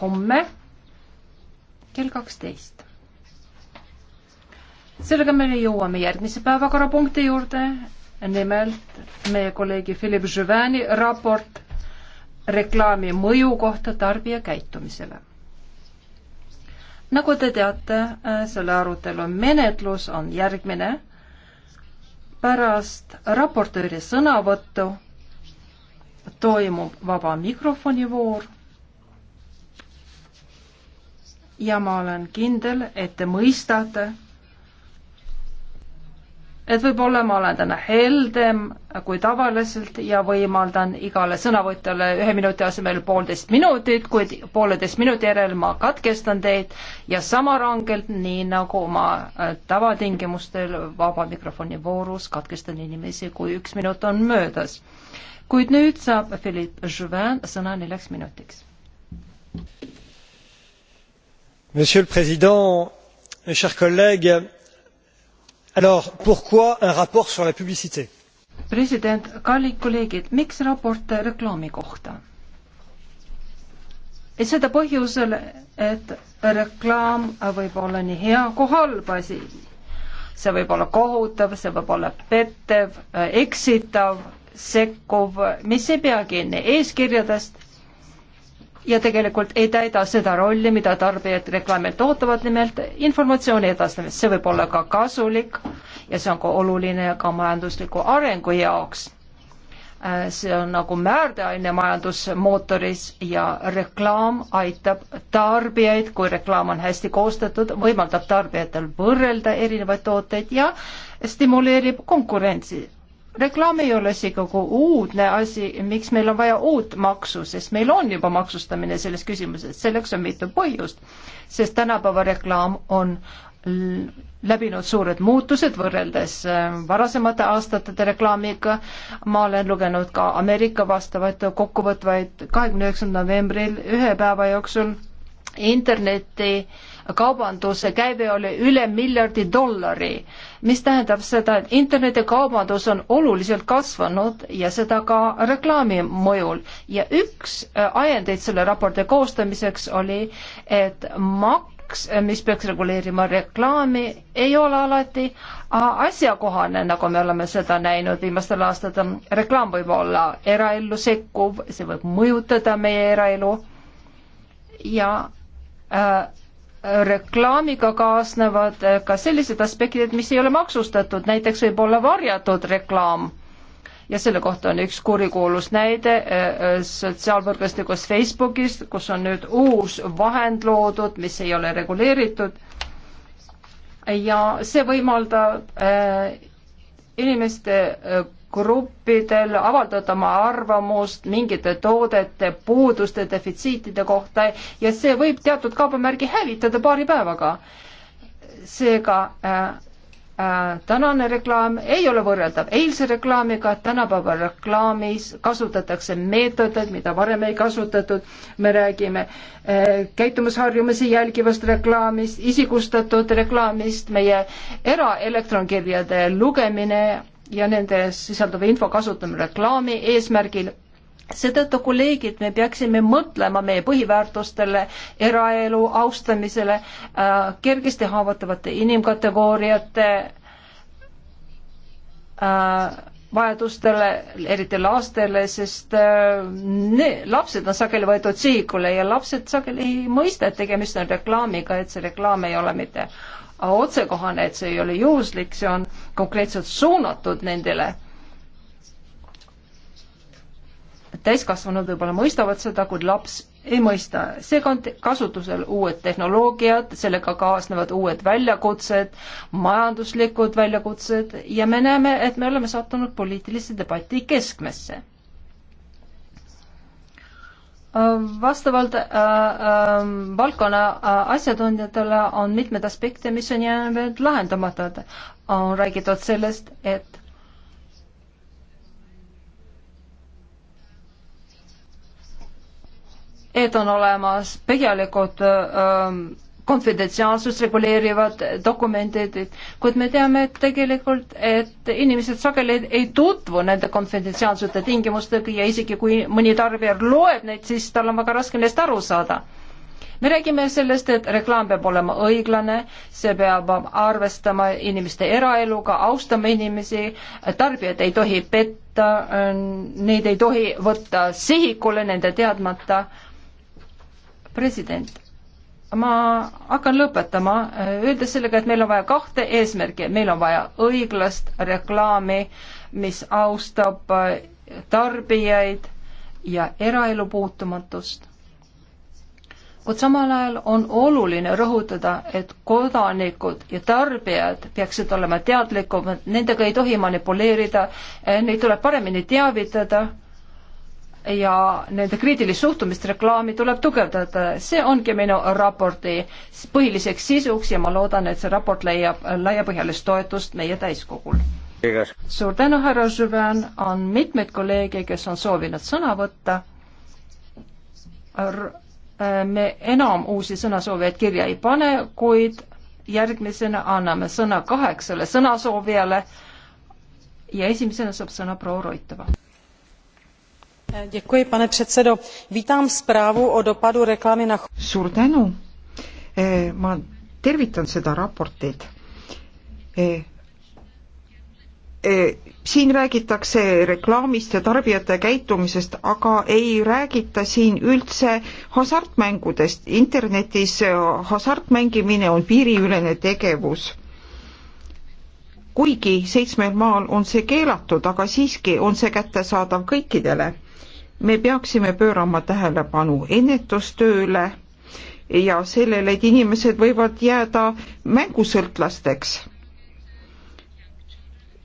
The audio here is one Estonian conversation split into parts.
homme kell kaksteist. sellega me jõuame järgmise päevakorrapunkti juurde, nimelt meie kolleegi Philip Juvani raport reklaami mõju kohta tarbija käitumisele. nagu te teate, äh, selle arutelu menetlus on järgmine. pärast raportööri sõnavõttu toimub vaba mikrofoni voor ja ma olen kindel, et te mõistate, et võib-olla ma olen täna heldem kui tavaliselt ja võimaldan igale sõnavõtjale ühe minuti asemel poolteist minutit, kuid pooleteist minuti järel ma katkestan teid ja sama rangelt, nii nagu ma äh, tavatingimustel vaba mikrofoni voorus katkestan inimesi, kui üks minut on möödas. kuid nüüd saab Philippe Jouvin sõna neljaks minutiks monsieur le président mes chers collègues alors pourquoi un rapport sur la publicité? president kallid kolleegid miks raport reklaami kohta? et seda põhjusel et reklaam võib olla nii hea kui halb asi see võib olla kohutav see võib olla pettev eksitav sekkuv mis ei pea kinni eeskirjadest ja tegelikult ei täida seda rolli, mida tarbijad reklaamilt ootavad, nimelt informatsiooni edastamist. see võib olla ka kasulik ja see on ka oluline ka majandusliku arengu jaoks. Äh, see on nagu määrdeaine majandusmootoris ja reklaam aitab tarbijaid, kui reklaam on hästi koostatud, võimaldab tarbijatel võrrelda erinevaid tooteid ja stimuleerib konkurentsi reklaam ei ole isegi kogu uudne asi, miks meil on vaja uut maksu, sest meil on juba maksustamine selles küsimuses, selleks on mitu põhjust. sest tänapäeva reklaam on läbinud suured muutused võrreldes äh, varasemate aastate reklaamiga. ma olen lugenud ka Ameerika vastavaid kokkuvõtvaid kahekümne üheksandal novembril ühe päeva jooksul interneti äh, kaubanduse käive oli üle miljardi dollari, mis tähendab seda, et internetikaubandus on oluliselt kasvanud ja seda ka reklaami mõjul. ja üks äh, ajendeid selle raporti koostamiseks oli, et maks, äh, mis peaks reguleerima reklaami, ei ole alati äh, asjakohane, nagu me oleme seda näinud viimastel aastatel. reklaam võib olla eraellu sekkuv, see võib mõjutada meie eraelu ja äh, reklaamiga kaasnevad eh, ka sellised aspektid, mis ei ole maksustatud, näiteks võib olla varjatud reklaam. ja selle kohta on üks kurikuulus näide eh, eh, sotsiaalvõrgustikus Facebookis, kus on nüüd uus vahend loodud, mis ei ole reguleeritud. ja see võimaldab inimeste gruppidel avaldada oma arvamust mingite toodete puuduste, defitsiitide kohta ja see võib teatud kaubamärgi hävitada paari päevaga. seega äh, äh, tänane reklaam ei ole võrreldav eilse reklaamiga, tänapäeva reklaamis kasutatakse meetodeid, mida varem ei kasutatud. me räägime äh, käitumisharjumusi jälgivast reklaamist, isikustatud reklaamist, meie eraelektronkirjade lugemine ja nende sisalduva info kasutamine reklaami eesmärgil seetõttu, kolleegid, me peaksime mõtlema meie põhiväärtustele, eraelu austamisele äh,, kergesti haavatavate inimkategooriate äh, vajadustele, eriti lastele, sest äh, ne, lapsed on sageli võetud sihikule ja lapsed sageli ei mõista, et tegemist on reklaamiga, et see reklaam ei ole mitte otsekohane, et see ei ole juhuslik, see on konkreetselt suunatud nendele. täiskasvanud võib-olla mõistavad seda, kuid laps ei mõista. seega on kasutusel uued tehnoloogiad, sellega kaasnevad uued väljakutsed, majanduslikud väljakutsed ja me näeme, et me oleme sattunud poliitilise debati keskmesse vastavalt äh, ähm, valdkonna äh, äh, asjatundjatele on mitmed aspekte, mis on jäänud veel lahendamata. on räägitud sellest, et et on olemas põhjalikud äh, konfidentsiaalsust reguleerivad dokumendid, kuid me teame et tegelikult, et inimesed sageli ei tutvu nende konfidentsiaalsete tingimustega ja isegi kui mõni tarbija loeb neid, siis tal on väga raske neist aru saada. me räägime sellest, et reklaam peab olema õiglane, see peab arvestama inimeste eraeluga, austama inimesi, tarbijad ei tohi petta, neid ei tohi võtta sihikule nende teadmata. president ma hakkan lõpetama, öeldes sellega, et meil on vaja kahte eesmärki, meil on vaja õiglast reklaami, mis austab tarbijaid ja eraelu puutumatust. kuid samal ajal on oluline rõhutada, et kodanikud ja tarbijad peaksid olema teadlikumad, nendega ei tohi manipuleerida, neid tuleb paremini teavitada ja nende kriitilist suhtumist reklaami tuleb tugevdada. see ongi minu raporti põhiliseks sisuks ja ma loodan, et see raport leiab laiapõhjalist toetust meie täiskogul. suur tänu, härra Žüven, on mitmeid kolleege, kes on soovinud sõna võtta. Äh, me enam uusi sõnasoovijaid kirja ei pane, kuid järgmisena anname sõna kaheksale sõnasoovijale ja esimesena saab sõna proua Roitova pane předsedo vítám zprávu o dopadu reklamy na. suur tänu e, ma tervitan seda raportit e, e, siin räägitakse reklaamist ja tarbijate käitumisest, aga ei räägita siin üldse hasartmängudest. internetis hasartmängimine on piiriülene tegevus. kuigi seitsmel maal on see keelatud, aga siiski on see kättesaadav kõikidele me peaksime pöörama tähelepanu ennetustööle ja sellele, et inimesed võivad jääda mängusõltlasteks.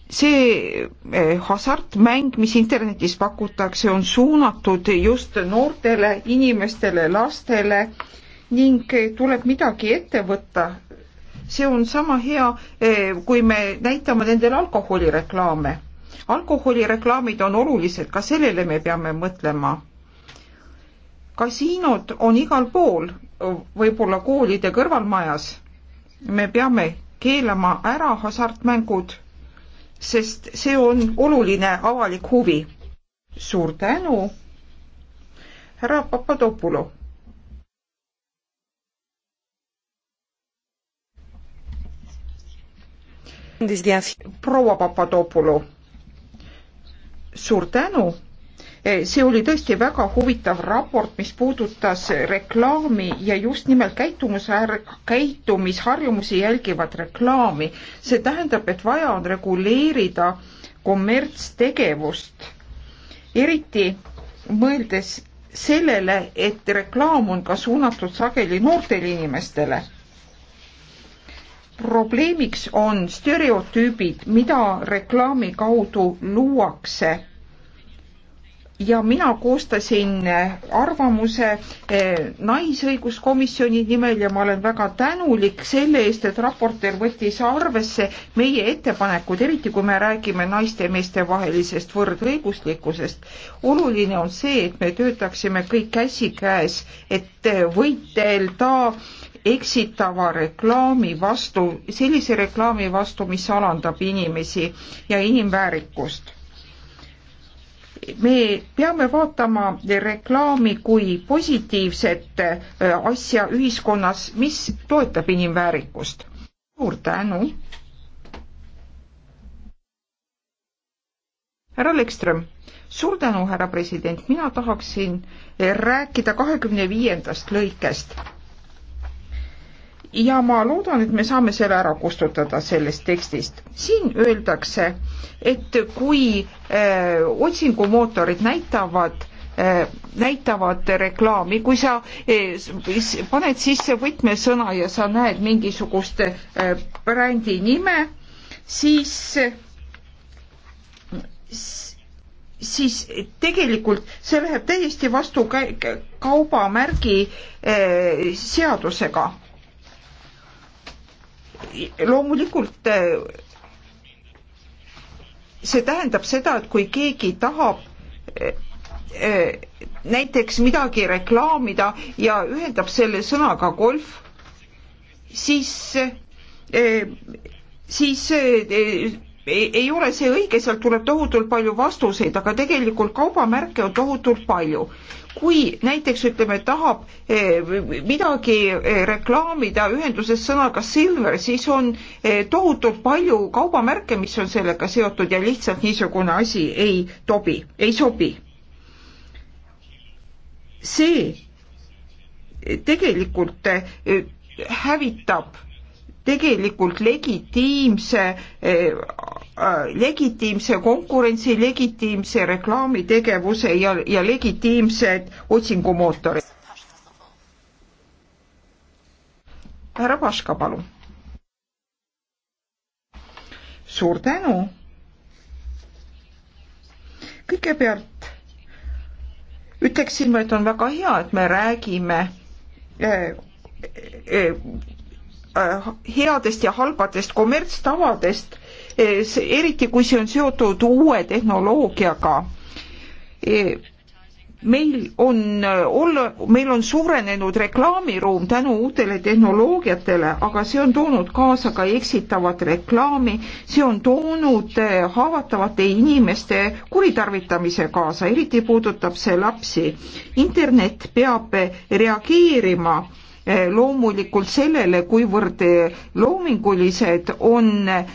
see eh, hasartmäng, mis internetis pakutakse, on suunatud just noortele inimestele, lastele ning eh, tuleb midagi ette võtta. see on sama hea, eh, kui me näitame nendele alkoholireklaame alkoholireklaamid on olulised, ka sellele me peame mõtlema. kasiinod on igal pool, võib-olla koolide kõrvalmajas. me peame keelama ära hasartmängud, sest see on oluline avalik huvi. suur tänu, härra Papadopulo proua Papadopoulou suur tänu. E, see oli tõesti väga huvitav raport, mis puudutas reklaami ja just nimelt käitumus, käitumisharjumusi jälgivat reklaami. see tähendab, et vaja on reguleerida kommertstegevust, eriti mõeldes sellele, et reklaam on ka suunatud sageli noortele inimestele probleemiks on stereotüübid, mida reklaami kaudu luuakse. ja mina koostasin eh, arvamuse eh, Naisõiguskomisjoni nimel ja ma olen väga tänulik selle eest, et raporter võttis arvesse meie ettepanekud, eriti kui me räägime naiste ja meeste vahelisest võrdõiguslikkusest. oluline on see, et me töötaksime kõik käsikäes, et võitelda äh, eksitava reklaami vastu, sellise reklaami vastu, mis alandab inimesi ja inimväärikust. me peame vaatama reklaami kui positiivset äh, asja ühiskonnas, mis toetab inimväärikust. suur tänu. härra Lekström suur tänu, härra president, mina tahaksin rääkida kahekümne viiendast lõikest ja ma loodan, et me saame selle ära kustutada sellest tekstist. siin öeldakse, et kui äh, otsingumootorid näitavad äh, näitavad reklaami, kui sa äh, paned sisse võtmesõna ja sa näed mingisugust äh, brändi nime, siis siis tegelikult see läheb täiesti vastu ka, kaubamärgi äh, seadusega loomulikult eh, see tähendab seda, et kui keegi tahab eh, näiteks midagi reklaamida ja ühendab selle sõnaga golf, siis, eh, siis ei ole see õige, sealt tuleb tohutult palju vastuseid, aga tegelikult kaubamärke on tohutult palju kui näiteks ütleme, tahab eh, midagi eh, reklaamida ühenduses sõnaga silver, siis on eh, tohutult palju kaubamärke, mis on sellega seotud ja lihtsalt niisugune asi ei tobi, ei sobi. see tegelikult hävitab tegelikult legitiimse Äh, legitiimse konkurentsi, legitiimse reklaamitegevuse ja, ja legitiimsed otsingumootorid. härra Paška, palun. suur tänu. kõigepealt ütleksin ma, et on väga hea, et me räägime äh, äh, äh headest ja halbadest kommertstavadest eriti kui see on seotud uue tehnoloogiaga e, meil on olla, meil on suurenenud reklaamiruum tänu uutele tehnoloogiatele, aga see on toonud kaasa ka eksitavat reklaami, see on toonud e, haavatavate inimeste kuritarvitamise kaasa, eriti puudutab see lapsi. internet peab reageerima Eh, loomulikult sellele, kuivõrd eh, loomingulised on eh,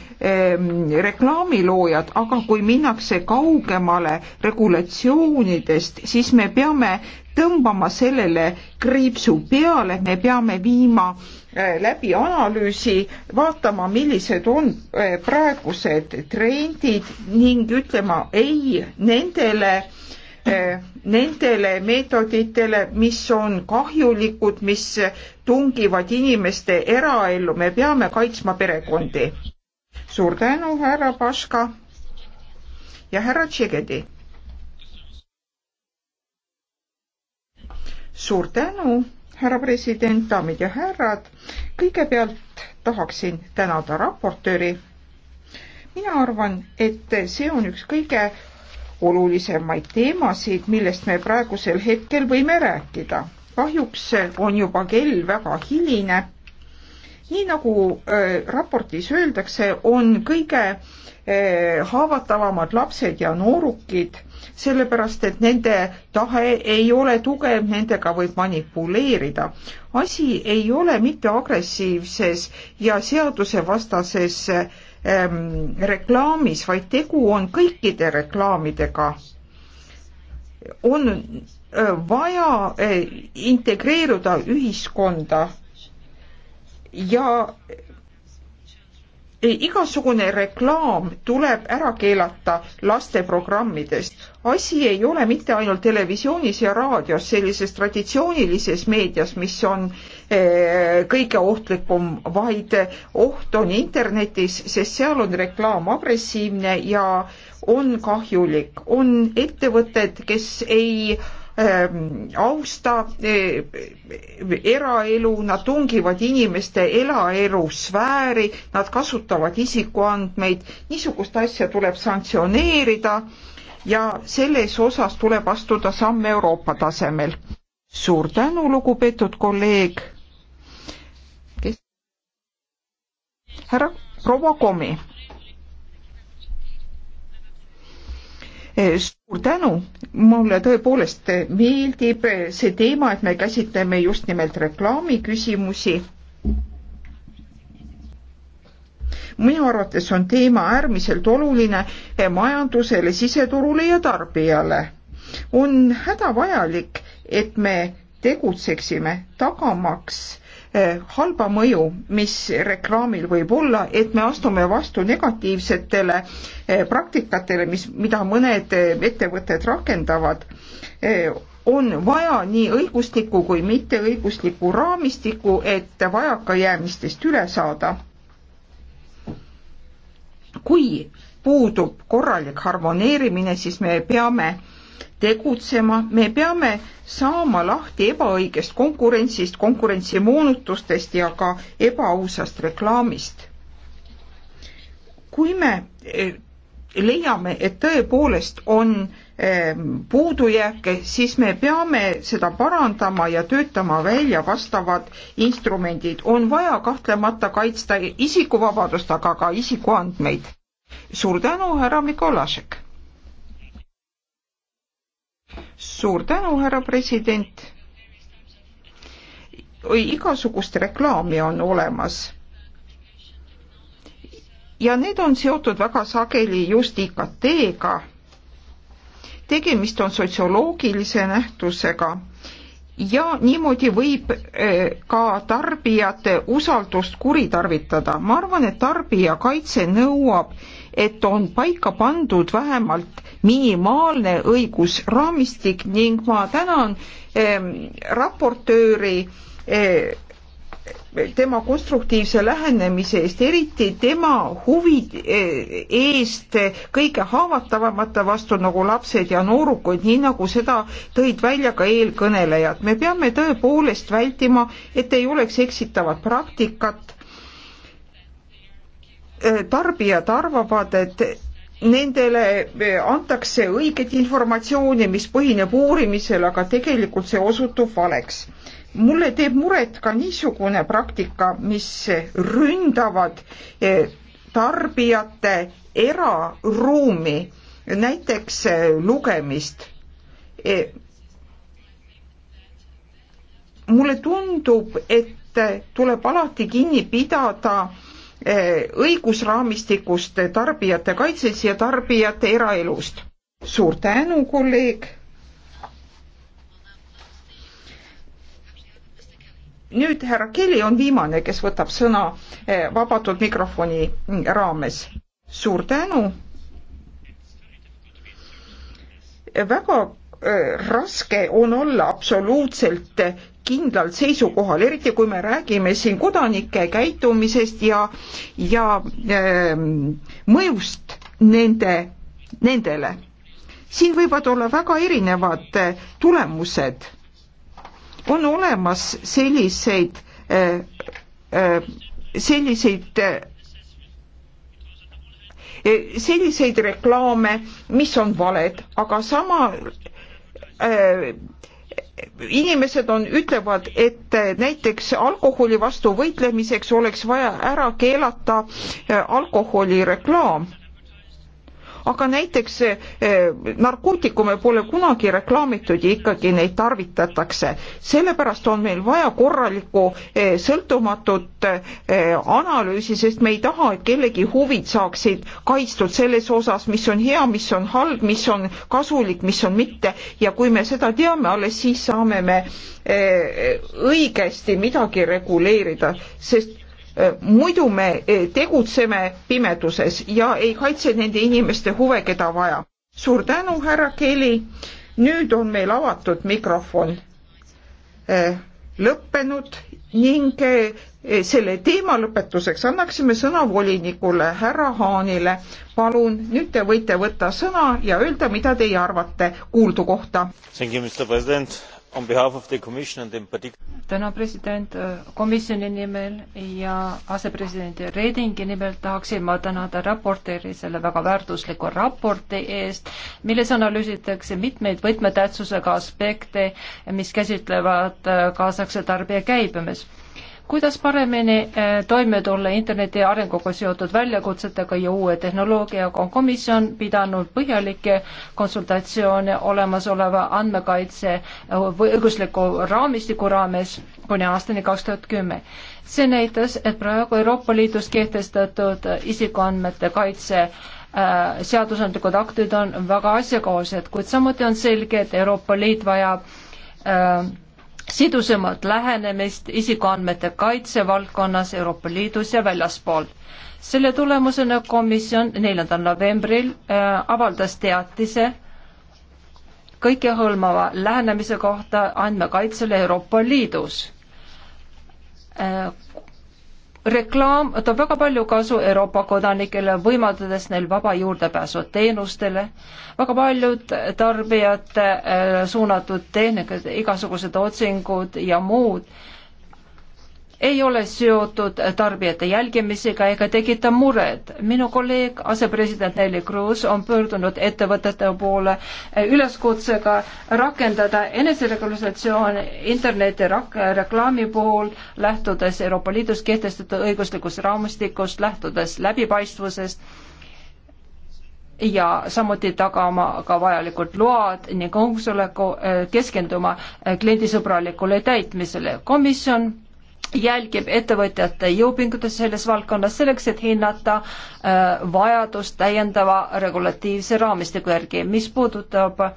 reklaamiloojad, aga kui minnakse kaugemale regulatsioonidest, siis me peame tõmbama sellele kriipsu peale, me peame viima läbi analüüsi, vaatama, millised on praegused trendid ning ütlema ei nendele äh, Eh, nendele meetoditele, mis on kahjulikud, mis tungivad inimeste eraellu, me peame kaitsma perekondi. suur tänu, härra Paška ja härra Tšegedi. suur tänu, härra president, daamid ja härrad. kõigepealt tahaksin tänada raportööri mina arvan, et see on üks kõige olulisemaid teemasid, millest me praegusel hetkel võime rääkida. kahjuks on juba kell väga hiline. nii nagu äh, raportis öeldakse, on kõige äh, haavatavamad lapsed ja noorukid sellepärast et nende tahe ei ole tugev, nendega võib manipuleerida. asi ei ole mitte agressiivses ja seadusevastases ähm, reklaamis, vaid tegu on kõikide reklaamidega. on äh, vaja äh, integreeruda ühiskonda ja igasugune reklaam tuleb ära keelata lasteprogrammidest. asi ei ole mitte ainult televisioonis ja raadios, sellises traditsioonilises meedias, mis on eh, kõige ohtlikum, vaid oht on internetis, sest seal on reklaam agressiivne ja on kahjulik. on ettevõtted, kes ei Ähm, austa äh, eraelu, nad tungivad inimeste eraelusfääri, nad kasutavad isikuandmeid, niisugust asja tuleb sanktsioneerida ja selles osas tuleb astuda samme Euroopa tasemel. suur tänu, lugupeetud kolleeg. kes? härra proua Komi suur tänu, mulle tõepoolest meeldib see teema, et me käsitleme just nimelt reklaamiküsimusi. minu arvates on teema äärmiselt oluline majandusele, siseturule ja tarbijale. on hädavajalik, et me tegutseksime tagamaks Eh, halba mõju, mis reklaamil võib olla, et me astume vastu negatiivsetele eh, praktikatele, mis, mida mõned eh, ettevõtted rakendavad on vaja nii õiguslikku kui mitteõiguslikku raamistikku, et vajakajäämistest üle saada. kui puudub korralik harmoneerimine, siis me peame tegutsema, me peame saama lahti ebaõigest konkurentsist, konkurentsimoonutustest ja ka ebaausast reklaamist. kui me eh, leiame, et tõepoolest on eh, puudujääke, siis me peame seda parandama ja töötama välja vastavad instrumendid. on vaja kahtlemata kaitsta isikuvabadust, aga ka isikuandmeid. suur tänu, härra Mikolašek! suur tänu, härra president. igasugust reklaami on olemas. ja need on seotud väga sageli just IKT-ga. tegemist on sotsioloogilise nähtusega ja niimoodi võib eh, ka tarbijate usaldust kuritarvitada. ma arvan, et tarbijakaitse nõuab et on paika pandud vähemalt minimaalne õigusraamistik ning ma tänan eh, raportööri eh, tema konstruktiivse lähenemise eest, eriti tema huvi e, eest kõige haavatavamate vastu nagu lapsed ja noorukud, nii nagu seda tõid välja ka eelkõnelejad. me peame tõepoolest vältima, et ei oleks eksitavat praktikat tarbijad arvavad, et nendele antakse õiget informatsiooni, mis põhineb uurimisel, aga tegelikult see osutub valeks. mulle teeb muret ka niisugune praktika, mis ründavad tarbijate eraruumi, näiteks lugemist. mulle tundub, et tuleb alati kinni pidada Eh, õigusraamistikust tarbijate kaitses ja tarbijate eraelust. suur tänu, kolleeg. nüüd härra Kelly on viimane, kes võtab sõna eh, vabatud mikrofoni raames. suur tänu. väga Äh, raske on olla absoluutselt kindlal seisukohal, eriti kui me räägime siin kodanike käitumisest ja, ja äh, mõjust nende, nendele. siin võivad olla väga erinevad äh, tulemused. on olemas selliseid äh,, äh, selliseid äh, selliseid reklaame, mis on valed, aga sama Äh, inimesed on, ütlevad, et äh, näiteks alkoholi vastu võitlemiseks oleks vaja ära keelata äh, alkoholireklaam aga näiteks eh, narkootikume pole kunagi reklaamitud ja ikkagi neid tarvitatakse. sellepärast on meil vaja korralikku eh, sõltumatut eh, analüüsi, sest me ei taha, et kellegi huvid saaksid kaitstud selles osas, mis on hea, mis on halb, mis on kasulik, mis on mitte ja kui me seda teame, alles siis saame me õigesti midagi reguleerida, sest Äh, muidu me äh, tegutseme pimeduses ja ei kaitse nende inimeste huve, keda vaja. suur tänu, härra Kelly. nüüd on meil avatud mikrofon äh, lõppenud ning selle teema lõpetuseks annaksime sõna volinikule härra Haanile. palun, nüüd te võite võtta sõna ja öelda, mida teie arvate kuuldu kohta täna president äh, komisjoni nimel ja asepresidendi Redingi nimel tahaksin ma tänada raportööri selle väga väärtusliku raporti eest, milles analüüsitakse mitmeid võtmetähtsusega aspekte, mis käsitlevad äh, kaasaegse tarbija käibemist kuidas paremini eh, toime tulla interneti arenguga seotud väljakutsetega ja uue tehnoloogiaga, on komisjon pidanud põhjalikke konsultatsioone olemasoleva andmekaitse eh, õigusliku raamistiku raames kuni aastani kaks tuhat kümme. see näitas, et praegu Euroopa Liidus kehtestatud isikuandmete kaitse eh, seadusandlikud aktid on väga asjakohased, kuid samuti on selge, et Euroopa Liit vajab äh, sidusamat lähenemist isikuandmete kaitse valdkonnas Euroopa Liidus ja väljaspool. selle tulemusena komisjon neljandal novembril äh, avaldas teatise kõikehõlmava lähenemise kohta andmekaitsele Euroopa Liidus äh, reklaam toob väga palju kasu Euroopa kodanikele, võimaldades neil vaba juurdepääsu teenustele. väga paljud tarbijate äh, suunatud tehnikad, igasugused otsingud ja muud äh, ei ole seotud tarbijate jälgimisega ega tekita muret. minu kolleeg, asepresident Nelli Kruus on pöördunud ettevõtete poole üleskutsega rakendada eneseregulatsioon interneti rak-, reklaami puhul, lähtudes Euroopa Liidus kehtestatud õiguslikust raamistikust, lähtudes läbipaistvusest ja samuti tagama ka vajalikud load ning koosoleku eh, keskenduma kliendisõbralikule täitmisele. komisjon jälgib ettevõtjate jõupingutusi selles valdkonnas selleks, et hinnata äh, vajadust täiendava regulatiivse raamistiku järgi, mis puudutab äh,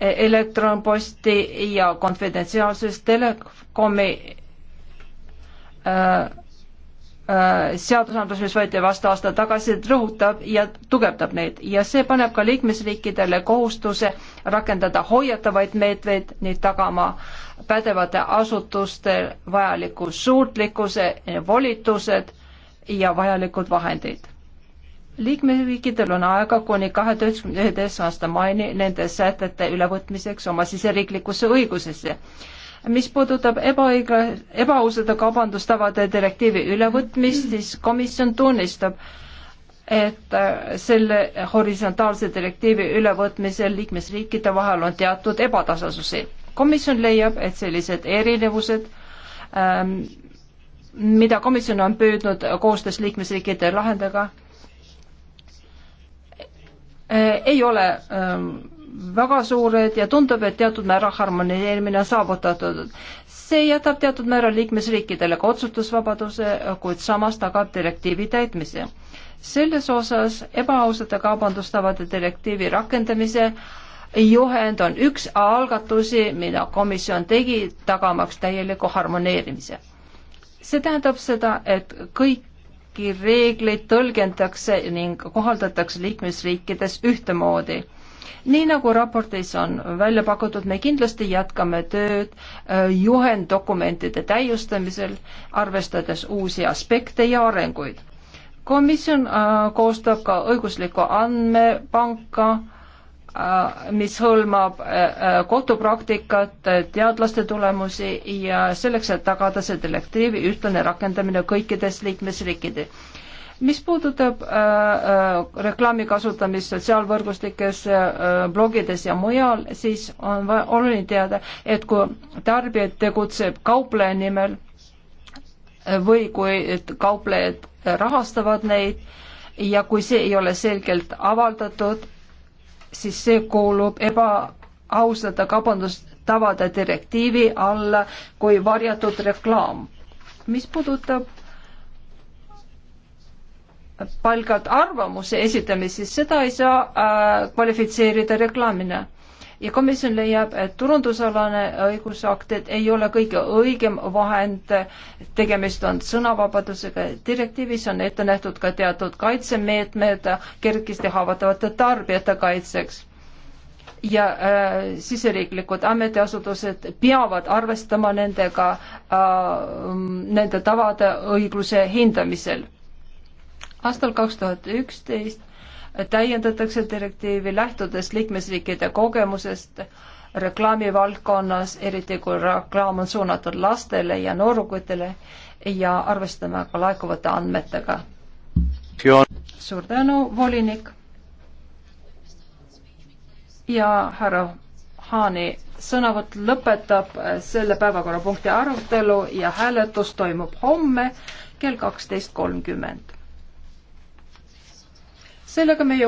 elektronposti ja konfidentsiaalsust telekomi äh, Äh, seadusandlus, mis võeti vastu aasta tagasi, rõhutab ja tugevdab neid ja see paneb ka liikmesriikidele kohustuse rakendada hoiatavaid meetmeid, neid tagama pädevate asutuste vajaliku suutlikkuse, volitused ja vajalikud vahendid. liikmesriikidel on aega kuni kahe tuhande üheteistkümnenda aasta maini nende sätete ülevõtmiseks oma siseriiklikusse õigusesse mis puudutab ebaõigla-, ebaausade kaubandustavade direktiivi ülevõtmist, siis komisjon tunnistab, et äh, selle horisontaalse direktiivi ülevõtmisel liikmesriikide vahel on teatud ebatasasusi. komisjon leiab, et sellised erinevused ähm, mida komisjon on püüdnud koostöös liikmesriikide lahendada, äh, ei ole ähm, väga suured ja tundub, et teatud määra harmoneerimine on saavutatud. see jätab teatud määral liikmesriikidele ka otsustusvabaduse, kuid samas tagab direktiivi täitmise. selles osas ebaausate kaubandustavade direktiivi rakendamise juhend on üks algatusi, mida komisjon tegi, tagamaks täieliku harmoneerimise. see tähendab seda, et kõik kõiki reegleid tõlgendatakse ning kohaldatakse liikmesriikides ühtemoodi nii nagu raportis on välja pakutud, me kindlasti jätkame tööd äh, juhenddokumentide täiustamisel, arvestades uusi aspekte ja arenguid. komisjon äh, koostab ka õiguslikku andmepanka, äh, mis hõlmab kohtupraktikat, teadlaste tulemusi ja selleks, et tagada see direktiivi ühtlane rakendamine kõikides liikmesriikides mis puudutab äh, äh, reklaami kasutamist sotsiaalvõrgustikes äh,, blogides ja mujal, siis on oluline teada, et kui tarbija tegutseb kaupleja nimel või kui kauplejad rahastavad neid ja kui see ei ole selgelt avaldatud, siis see kuulub ebaausate kaubandustavade direktiivi alla kui varjatud reklaam. mis puudutab palgalt arvamuse esitamist, siis seda ei saa äh, kvalifitseerida reklaamina. ja komisjon leiab, et turundusalane õigusaktid ei ole kõige õigem vahend, tegemist on sõnavabadusega, direktiivis on ette nähtud ka teatud kaitsemeetmed kergesti haavatavate tarbijate kaitseks ja äh, siseriiklikud ametiasutused peavad arvestama nendega äh,, nende tavade õigluse hindamisel aastal kaks tuhat üksteist täiendatakse direktiivi lähtudes liikmesriikide kogemusest reklaamivaldkonnas, eriti kui reklaam on suunatud lastele ja noorukitele ja arvestame ka laekuvate andmetega. suur tänu, volinik. ja härra Haani sõnavõtt lõpetab selle päevakorrapunkti arutelu ja hääletus toimub homme kell kaksteist kolmkümmend sellega me jõuame